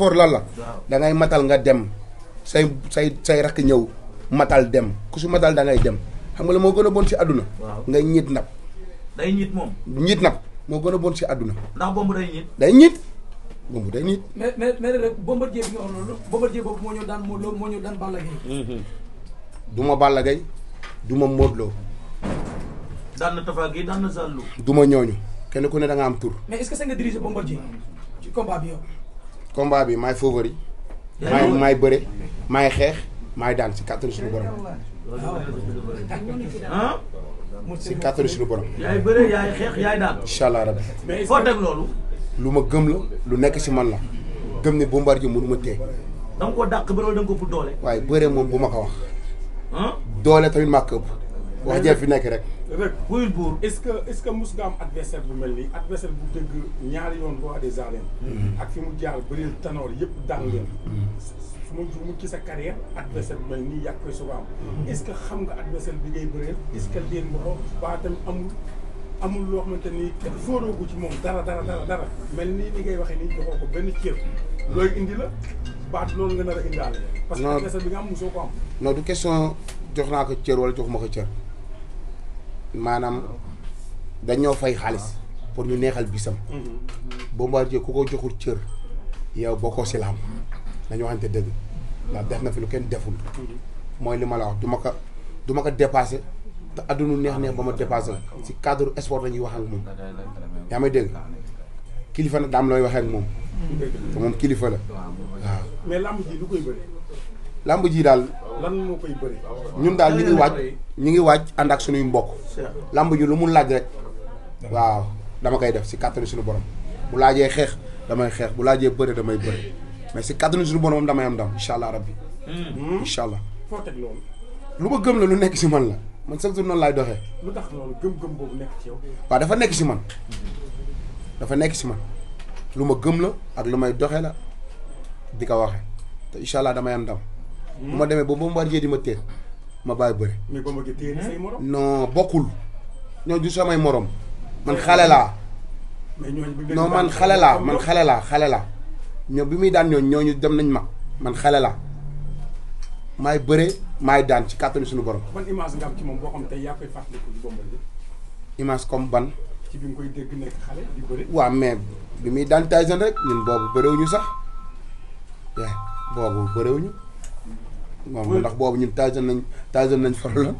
sport lan la. da ngay matal nga dem say say say rakk ñëw matal dem ku su matal da ngay dem xam nga la moo gën a bon si àdduna. ngay ñit nap. day ñit moom. ñit nap moo gën a bon si àdduna. ndax bomb day ñit. day ñit bomb day ñit. mais mais mais rek bombardier bi nga wax loolu bombardier boobu moo ñu daan moo moo ñu daan Balla Gaye. Mhm. du ma Balla Gaye du ma Modou Lo. daan na Tapha Guèye daan na Zallo. du ma ñooñu kenn ku ne da nga am tur. mais est-ce que sa nga diriger bombardier ci combat bi yow. combat bi maay favori maay maay bëre maay xeex maay daan si kàttanu suñu borom ah. si kàttanu suñu borom. yaay bëre yaay xeex yaay daan. incha allah rabbi. foo teg loolu. lu ma gëm la lu nekk si man la gëm ne Bombardier mënu ma tee. da nga koo dàq ba da nga ko ëpp doole. waaye bëre moom bu ma ko wax. Ah. doole tamit maa ko ëpp. wax jeef fi nekk rek. rek buyul buur est-ce que est-ce que mus nga am adversaire bu mel nii adversaire bu dëgg ñaari yoon roi des arènes mm-hmm. ak fi mu jaar bëril tanoor yëpp daan leen mm-hmm. su ma juumul ci sa carrière adversaire bu mel nii yàgg koy soog am mm-hmm. est-ce que bi ngay bëreel est-ce que déen mboxo waa tamit amul amul loo xamante ni kenn sóoroogu ci moom dara dara dara dara mel nii li ngay waxee nii joxoo ko benn cër looy indi la baat loolu nga nar a indaale parce que adversaire bi nga am musoo ko am non du question jox naa ko cër wala jox ma ko cër maanaam dañoo fay xaalis pour ñu neexal bisam. Bombardier ku ko joxul cër yow bokkoo si laam nañu te dëgg ndax def na fi lu kenn deful mooy li ma la wax du ma ko du ma ko dépassé te adduna neex neex ba ma dépassé si cadre sport la ñuy wax ak moom yaa ma dégg kilifa na daam looy waxee ak moom moom kilifa la waaw mais daal lan moo koy bëri. ñun daal ñu ngi waaj ñu ngi waaj ànd ak suñuy mbokk. lamb ji lu mu laaj rek. waaw dama koy def si kàttanu suñu borom bu laajee xeex damay xeex bu laajee bëri damay bëri mais si kàttanu suñu borom damay am ndam incha allah rabbi. Hmm. incha allah. lu ma gëm la lu nekk si man la man chaque jour noonu laay doxee. lu tax loolu gëm-gëm boobu nekk ci yow. waaw dafa nekk si man dafa nekk si man lu ma gëm la ak lu may doxe la di ko waxee te incha allah damay am ndam. bu ma demee ba Bombardier di ma téye ma bàyyi bëri. mais Bombardier téye na say morom. bokkul ñooñu du samay moroom man xale laa. mais ñooñu non man xale laa man xale laa xale laa ñoom bi muy daan ñooñu ñooñu dem nañ ma man xale laa maay bëre maay daan ci kàttanu suñu borom. ban image nga am ci moom boo xam tey yaa koy fàttaliku ci Bombardier. image comme ban. ci bi nga koy dégg waaw mais bi muy daan Tyson rek ñun boobu bëriwuñu sax. waaw eh, boobu bëriwuñu. moom ndax boobu ñun tajoon nañ tajoon nañ faral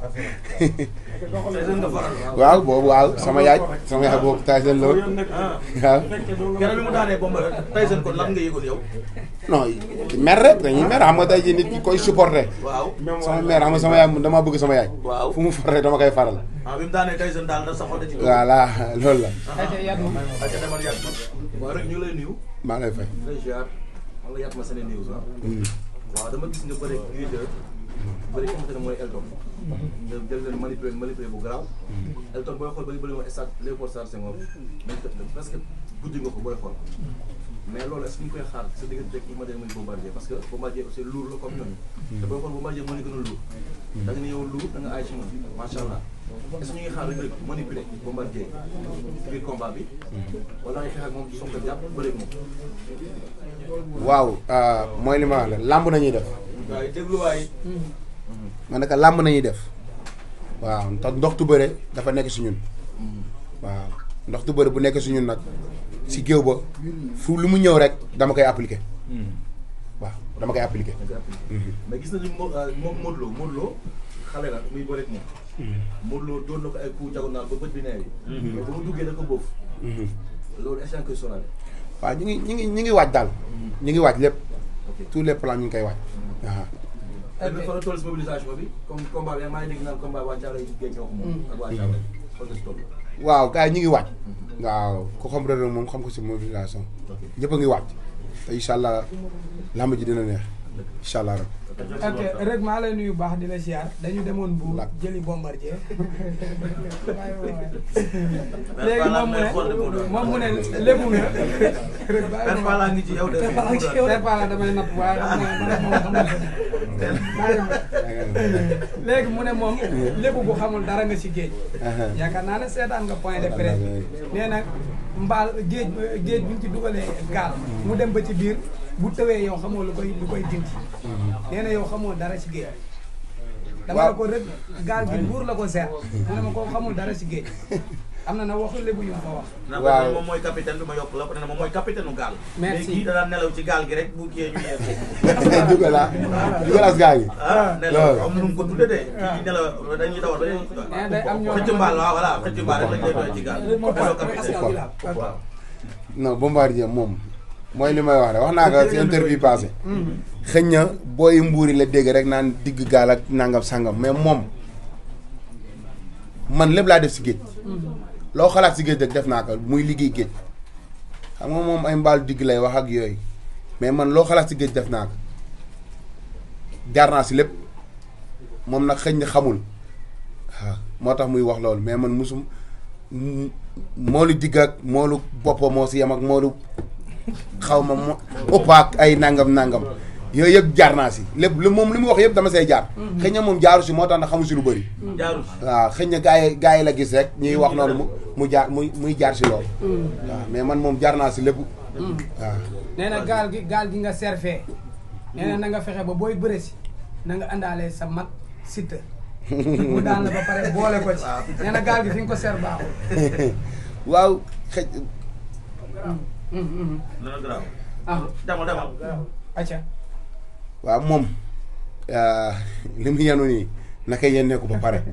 la waaw boobu waaw sama yaay sama yaay boobu tajoon la woon waaw. keroog bi mu daanee bomba la tajoon kon lan nga yëgul yow. non mer rek dañuy mer xam nga tey nit koy supporter. sama mer xam nga sama yaay damaa bëgg sama yaay. waaw fu mu faral dama kay faral. ah bi mu daanee tajoon daal na la. Ah, ah. waaw rek ñu lay waaw dama gis nga bëri ak Gris 2 bëri ki ne mooy Elton. nga jël leen manipuler manipuler bu garaaw. Elton booy xool ba ñu bëri woon stade Léopold Sédar Senghor. dañ ko presque guddi nga ko booy xool. mais loolu est-ce que koy xaar sa diggante ak Iba Der muy Bombardier parce que Bombardier aussi lourd la comme ñoom. Mm. te booy xool Bombardier moo ñu gën a lourd. Mm. da nga ne yow lourd da aay ci moom macha allah. est ce que ñu ngi xaar rek waaw ah, mooy li làmb nañuy def. waaw làmb nañuy def. waaw ndax ndoxtu bëre dafa nekk si ñun. waaw ndoxtu bëre bu nekk si ñun nag si géew ba fu lu mu ñëw rek dama koy appliqué. Hmm. waaw dama koy appliqué. Mhm. mais gis Modou Lo doon na ko ay coups diagonal mhm. mhm. waaw ñu ngi ñu ngi ñu ngi waaj daal. Mhm. ñu ngi waaj lépp. tous les plans ñu ngi koy waaj. waaw. mais bi ko moom. ak waa waaw gars ñu ngi waaj. waaw ko xam Reug Reug moom xam ko si mobilisation. ñëpp ngi waaj. te incha allah làmb ji dina neex. incha allah rek. ok rek maa lay baax di la ziar dañu demoon bu jëli bombardier léegi moom mu ne moom mu ne lébu nga rek bala ngi ci yow de perpala damay napp waaye léegi mu ne moom lébu bu xamul dara nga ci géej yaakaar naa ne seetaan nga point de presse nee nag mbaal géej géej buñ ci dugalee gaal mu dem ba ci biir bu tawee yow xamoo lu koy lu koy dindi. Mhm. nee na yow xamoo dara ci géej. dama ko rek gaal gi buur la ko seet. mu ne ma koo xamul dara ci géej. am na na waxul léegi ñu ko wax. waaw moom mooy capitaine du ma yokk la ne moom mooy capitaine nu ci gaal gi rek bu kii ñu yee. jugala jugalaas gaal gi. ah nelaw am na nu mu ko tuddee de. kii nelaw dañuy dawal ba ah. day am ñoo xëcc mbaal waaw voilà xëcc mbaal rek lañ lay moom mooy li may wax rek wax naa ko si interview passé mm-hmm. xëñ na booy mbuuri la dégg rek naa digg gaal ak nangam sàngam mais moom man lépp laa def si géej mm-hmm. loo xalaat si géej rek def naa ko muy liggéey géej xam nga moom ay mbaal digg lay wax ak yooyu mais man loo xalaat si géej def naa ko jaar naa si lépp moom nag xëñ na xamul ah, moo tax muy wax loolu mais man musum moolu digg ak moolu boppam moo si yam ak moolu xaw ma mu opaak ay nangam nangam yooyu yëpp jaar naa si lépp lu moom li mu wax yëpp dama say jaar. xëy na moom jaaru si moo tax na xamu si lu bëri. jaaru waaw xëy na gars yi la gis rek ñuy wax noonu mu mu jaar muy muy jaar si loolu. Mm. mais man moom jaar naa si lépp. Mm. nee na gaal gi gaal gi nga serfee. nee na na nga fexe ba booy bëre si na nga àndaale sa mag Siteu. mu daan la ba pare na gaal gi fi ko ser baaxul. waaw xëy. Ah. waaw moom ah, li mu yenu nii naka yennee ko ba pare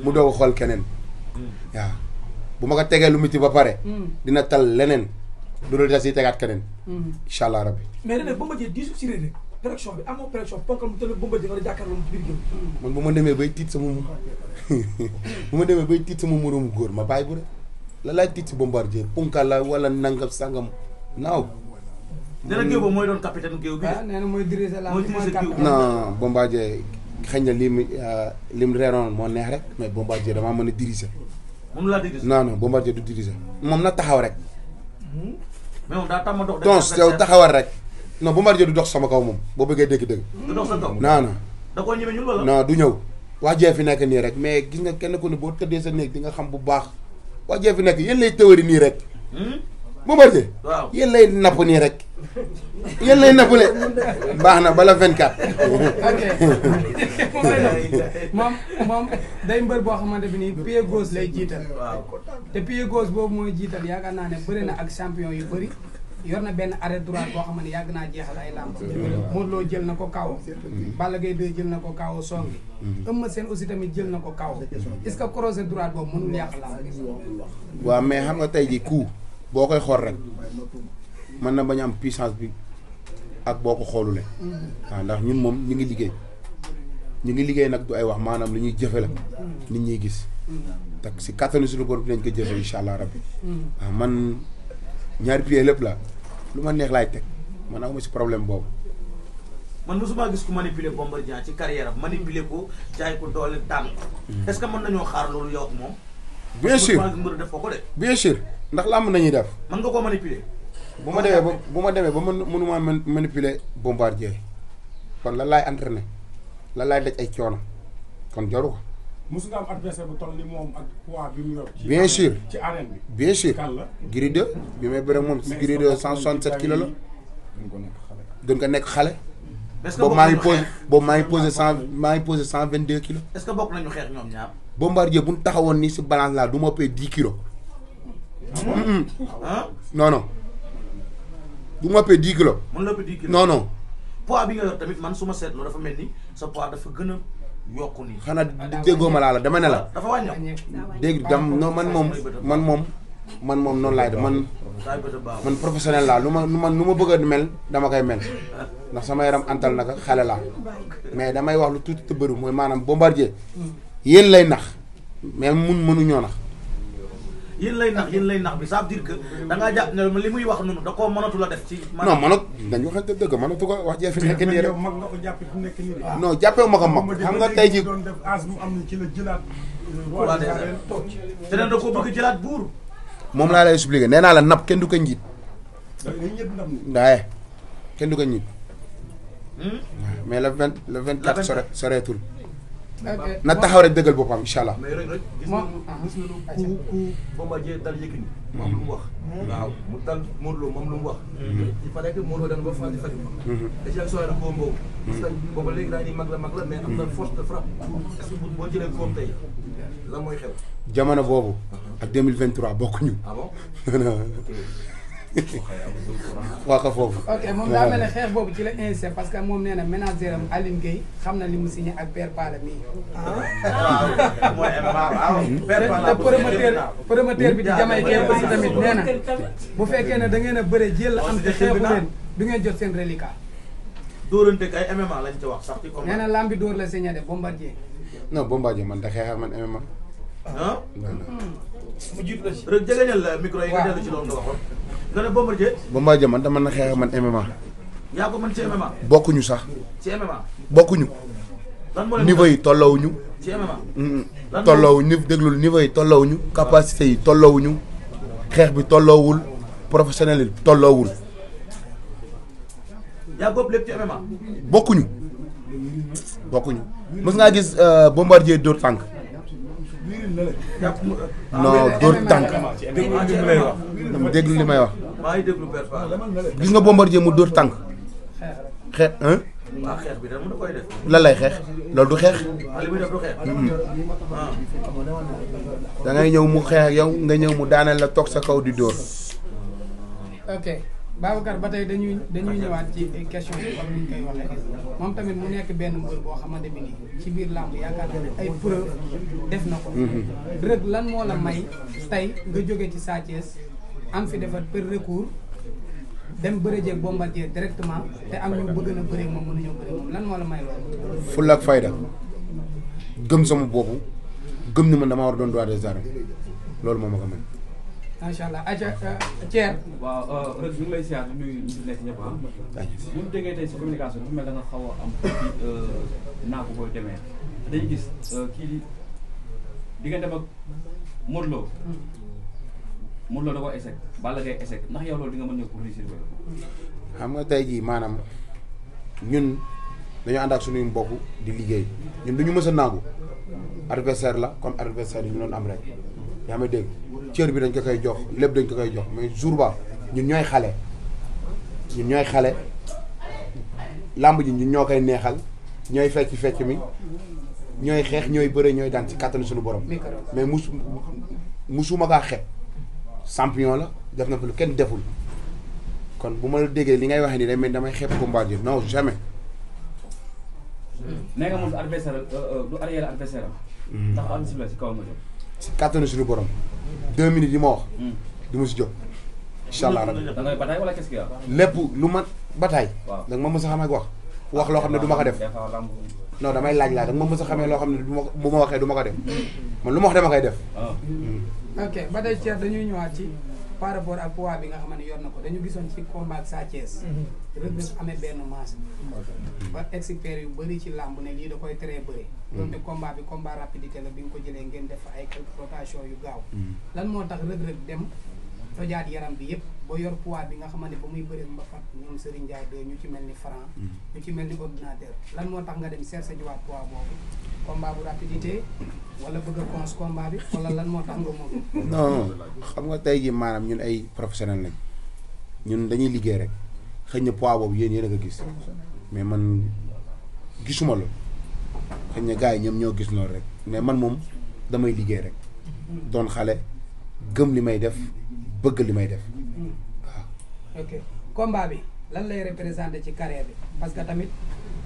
mu doog xool keneen waaw bu ma ko tegee lu miti ba pare dina tal leneen du dul des yi tegaat keneen incha allah rabbi mais ren ba ma jël diisu si réer prélection bi amoo prélection ponkal mu tëdd bomba jël nga jàkkaarloo ci biir man bu ma demee bay tiit sama mu ma demee bay tiit sama moromu góor ma bàyyi bu rek lalaay tiit si bombardier punkala wala nangam sangam naaw. nee na géew ba mooy doon capitaine géew bi. ah na mooy diriger la mooy capitaine non bombardier xëy na lim euh, lim reeroon moo neex rek mais bombardier damaa mën a diriger. moom laa diriger non non bombardier du diriger moom na taxaw rek. Hmm? mais moom daa donc yow taxawal rek. non bombardier du dox sama kaw moom boo bëggee dégg-dégg. du dox sa du ñëw. wax jee fi nekk nii rek mais gis nga kenn ku ne boo tëddee sa néeg di nga xam bu baax. wax jee fi nekk yéen lay théorie nii rek. Hmm? Bombardier. waaw yéen lay napp nii rek. yéen lay napp ne baax na bala 24. ok moom moom day mbër boo xamante bi nii pied gauche lay jiital. te pied gauche boobu mooy jiital yaakaar naa ne bëri na ak champion yu bëri. yor na benn arrêt droit boo xam ne yàgg naa jeexal ay làmb Modou Lo jël na ko kaw Balla Gaye 2 jël na ko kaw songi Eumeu seen aussi tamit jël na ko kaw est-ce que croisé droit boobu mënul yàq làmb waa mais xam nga tey ji coup boo koy xool rek mën na bañ am puissance bi ak boo ko xoolule waaw ndax ñun moom ñu ngi liggéey ñu ngi liggéey nag du ay wax maanaam lu ñuy jëfe la nit ñuy gis tak si kattanu suñu borom dinañ ko jëfe incha allah rabbi waaw man ñaari pieds lépp la lu ma neex laay teg man amuma si problème boobu. man mosuma gis ku manipuler Bombardier ci carrière am manipuler ko jaay ko doole daan ko. Hmm. est-ce que mën nañoo xaar loolu yow ak moom. bien sûr def ko ko de. bien ndax làmb nañuy def. man nga koo manipuler. bu ma demee ba bu ma demee ba mën mënumaa manipuler Bombardier kon lan laay entraîné lan laay daj ay coono kon jaru ko. mus nga am adversaire bu toll ni moom ak poids bi mu yor. bien sûr ci arène bi. bien sûr Gris 2 bi may bëre moom Gris 2 la. gën ko nekk xale. est-ce boobu maa ngi posé boobu maa ngi posé cent maa ngi posé cent vingt deux kilo est-ce que bokk nañu xeex ñoom ñaar. Bombardier bu ñu taxawoon nii si balance laa du ma pay dix kilos. non du ma pay dix kilos. mën na ko dix kilos non non. poids bi nga yor tamit man su ma seetloo dafa mel ni sa poids dafa gën a. yokku nii xanaa déggoo ma laa la dama ne la. dafa wàññeeku dégg dam non man moom man moom man moom noonu laay def man. man professionnel laa lu ma lu ma lu ma bëgg a mel dama koy mel ndax sama yaram antal naka xale laa mais damay wax lu tuuti te bëru mooy maanaam bombardier yéen lay nax mais mun mënuñoo nax. yéen lay nax yéen lay nax bi ça veut dire que da jàpp ne li muy wax noonu da koo mënatu def ci. non mënat dañu wax dëgg mënatu ko wax jee fi nekk nii rek mag nga ko jàppe fi nekk nii rek. non jàppee ma ko mag xam nga tey la jëlaat. Euh, waa moom laa lay expliqué nee naa la nab kenn du ko njiit. waaye kenn du ko njiit. Hmm? mais la vingt le vingt quatre sore soreetul. na taxaw rek dëggal boppam incha allah. mais rek rek gis nañu gis nañu ah, ku ah. ku dal moom lu mu wax. waaw mu dal Modou Lo moom lu mu wax. Mm-hmm. il fallait que Modou Lo daan ba fàtte fàtte. émission yi nag boobu. parce boobu léegi daa ñuy mag la mag la mais am na mm-hmm. force de frappe. est-ce que boo jëlee koom mooy xew. jamono boobu. Uh-huh. ak deux mille vingt trois bokkuñu. ah wax ko foofu. ok moom daa mel ne xeex boobu ci la incité parce que moom nee na ménagère am Aline Gueye xam na li mu signé ak Père Pala mii. ah, ah. mooy te promoteur promoteur bi di jamay kër aussi tamit nee bu fekkee ne da ngeen a bëre jël la am te xeexu leen du ngeen jot seen reliquat. dóorante ak ay MMA lañ ci wax sax ci. nee na lambi man da xeexal man MMA. ah. Hmm. mu jiitu nga ne Bombardier. Bombardier man dama na xeex man MMA. yaa ko mën bokkuñu sax. ci MMA. bokkuñu. lan moo leen yi tolloowuñu. ci MMA. lan tolloowuñu déglul niveau yi tolloowuñu capacité yi tolloowuñu xeex bi tolloowul professionnel yi tolloowul. yaa góob ci MMA. bokkuñu bokkuñu mës ngaa gis euh, Bombardier dóor tànk. non dóor tànk. déglu li may wax. gis nga bombardier mu dóor tànk. xeex un. lan lay xeex loolu du xeex. da ñëw mu xeex yow nga ñëw mu daaneel la toog sa kaw di dóor. Babacar ba tey dañuy dañuy ñëwaat ci question bi comme ni ñu koy waxee moom tamit mu nekk benn mbër boo xamante bi nii ci biir làmb yaakaar naa ay preuve def na ko. Mhm. Reug lan moo la may tey nga jóge ci Sa Thiès fi defar par recours dem bëre jeeg Bombardier directement te moo la may loolu. fulla ak fayda gëm sama boobu gëm ni man damaa war doon droit des loolu moo ma ko macha allah Adja uh, Thier. waaw Reug uh, uh, ñu ngi lay siyaar di nuyu ñu fi nekk ñëpp ah. bu ñu si communication bi mel da nga xaw am kii booy demee dañu gis kii di diggante ak Modou Lo. Mm. Modou da ko échec Balla Gaye échec ndax yow loolu di nga mën a ñëw pour xam nga tey jii maanaam ñun dañoo ànd ak suñuy mbokk di liggéey ñun du ñu mës naagu. Mm. adversaire la kon adversaire yu ñu doon am rek yaa may dégg. cër bi dañ ko koy jox lépp dañ ko koy jox mais jour ba ñun ñooy xale ñun ñooy xale làmb ji ñun ñoo koy neexal ñooy fecc fecc mi ñooy xeex ñooy bëre ñooy daan ci kàttanu suñu borom mais musu musuma kaa xeeb champion la def na fa lu kenn deful kon bu ma la déggee li ngay waxee nii day mel damay xeeb combat ji non jamais. nee nga moom du adversaire euh, euh, hmm. ndax am si kàttanu suñu borom deux minutes yi ma wax. Hmm. du ma si jóg. incha allah rabi lépp lu ma bataay. waaw da nga ma mës a xam ak wax. wax loo xam ne du ma ko def. non damay laaj laaj da nga ma mës xamee loo xam ne du ma bu ma waxee du ma ko def man lu ma wax dama koy def. Ah. Hmm. ok ba tey Thierno dañuy ñëwaat ci. par rapport ak poids bi nga xam ne yor na ko dañu gisoon ci combat Sa Thiès. Mhm. Reug Reug amee benn masse. ba expert yu bëri ci làmb ne lii da koy très bëri. Mhm. ne combat bi combat rapidité la bi nga ko jëlee ngeen def ay quelques rotation yu gaaw. Mhm. lan moo tax Reug Reug dem tojaat yaram bi yëpp ba yor poids bi nga xam ne ba muy bëri mba fat ñoom Serigne Ndiaye de ñu ci mel ni Franc. ñu ci mel ni ordinateur lan moo tax nga dem chercher jiwaat poids boobu. combat bu rapidité wala bëgg a cons bi wala lan moo tax nga moom. non xam nga tey gi maanaam ñun ay professionnel lañ ñun dañuy liggéey rek xëy na poids boobu yéen yéen a ko gis mais man gisuma loolu xëy na gars yi ñoom ñoo gis noonu rek mais man moom damay liggéey rek doon xale gëm li may def bëgg li may def waaw. ok combat bi lan lay représenté ci carrière bi parce tamit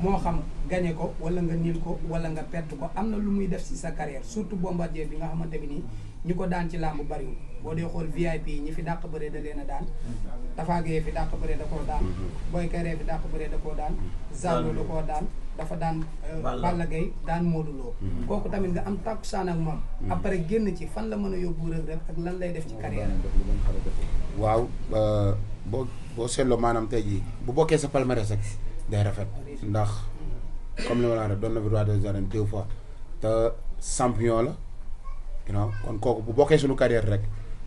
moo xam. gañe ko wala nga niil ko wala nga perte ko am na lu muy def si sa carrière surtout bombardier bi nga xamante bi nii ñu ko daan ci làmb bariwul boo dee xool VIP yi ñi fi dàq bëree da leen a daan tafaagee fi dàq bëree da koo daan booy kayree fi dàq bëree da koo daan zalo da koo daan dafa daan euh, Balla Gaye daan Modou Lo mm-hmm. kooku tamit nga am tàkkusaan ak moom mm-hmm. après génn ci fan la mën a yóbbu rek rek ak lan lay def ci carrière waaw euh, boo boo seetloo maanaam tey jii bu bokkee sa palmarès rek day rafet ndax comme li ma la rek doon na fi roi des arènes deux fois te champion la you kon kooku bu bokkee suñu carrière rek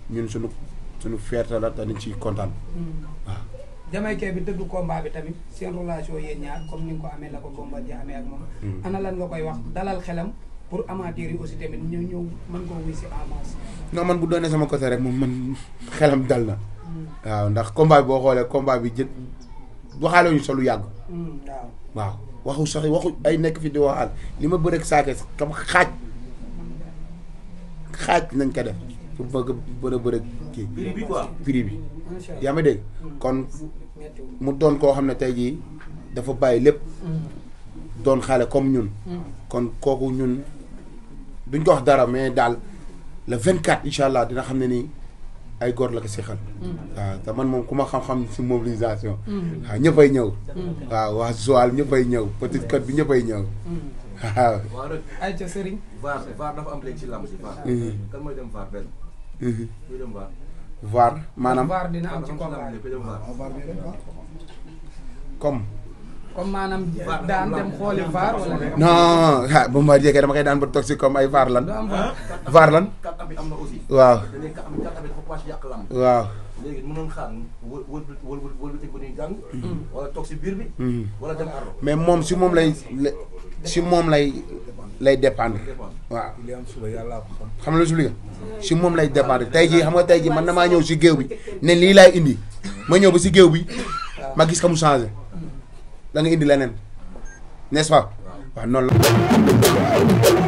ñun suñu suñu fierté la te dañ ci kontaan. Hmm. waaw. jamaïcain bi dëgg combat bi tamit seen relation yéen ñaar comme ni nga ko amee la ko Bombardier amee ak moom. Hmm. ana lan nga koy wax dalal xelam pour amateur yi aussi tamit ñu ñëw mën koo wuy si avance. non man bu doonee sama côté rek moom man xelam dal na. Hmm. waaw ndax combat boo xoolee combat bi jë waxaale ñu lu yàgg. waaw. waxu sax waxu ay nekk fi di waxaal li ma bëreeg saakees kam xaaj xaaj nañ ko def su bëgg bëre bëre kii prix bi yaa de kon mu doon koo xam ne tey jii dafa bàyyi lépp mm. doon xale comme ñun mm. kon kooku ñun duñ ko wax dara mais daal le vingt-quatre incha allah dina xam ne nii ay góor la ko seqal. Mm. waaw te man moom ku ma xam-xam si mobilisation. Mm. waaw ñëppay ñëw. Mm. waaw waa Joal ñëppay ñëw Petite Côte bi ñëppay ñëw. waaw. ayca sëriñ. Mm-hmm. Mm-hmm. maanaam. VAR dina comme. comme maanaam daan dem xooli vaar wala. non ah Bombardier kay dama koy daan ba toog si comme ay vaar lan. vaar lan. waaw. waaw. léegi mënoon xaar wë wë wëlbati bu mm-hmm. si biir bi. Mm-hmm. wala mais moom si moom lay si moom lay lay dépendre. waaw xam nga lu si si moom lay dépendre tey jii xam nga tey jii man maa ñëw si géew bi ne lii laay indi ma ñëw ba si géew bi ma gis ka mu changé. da nga indi leneen n'est-ce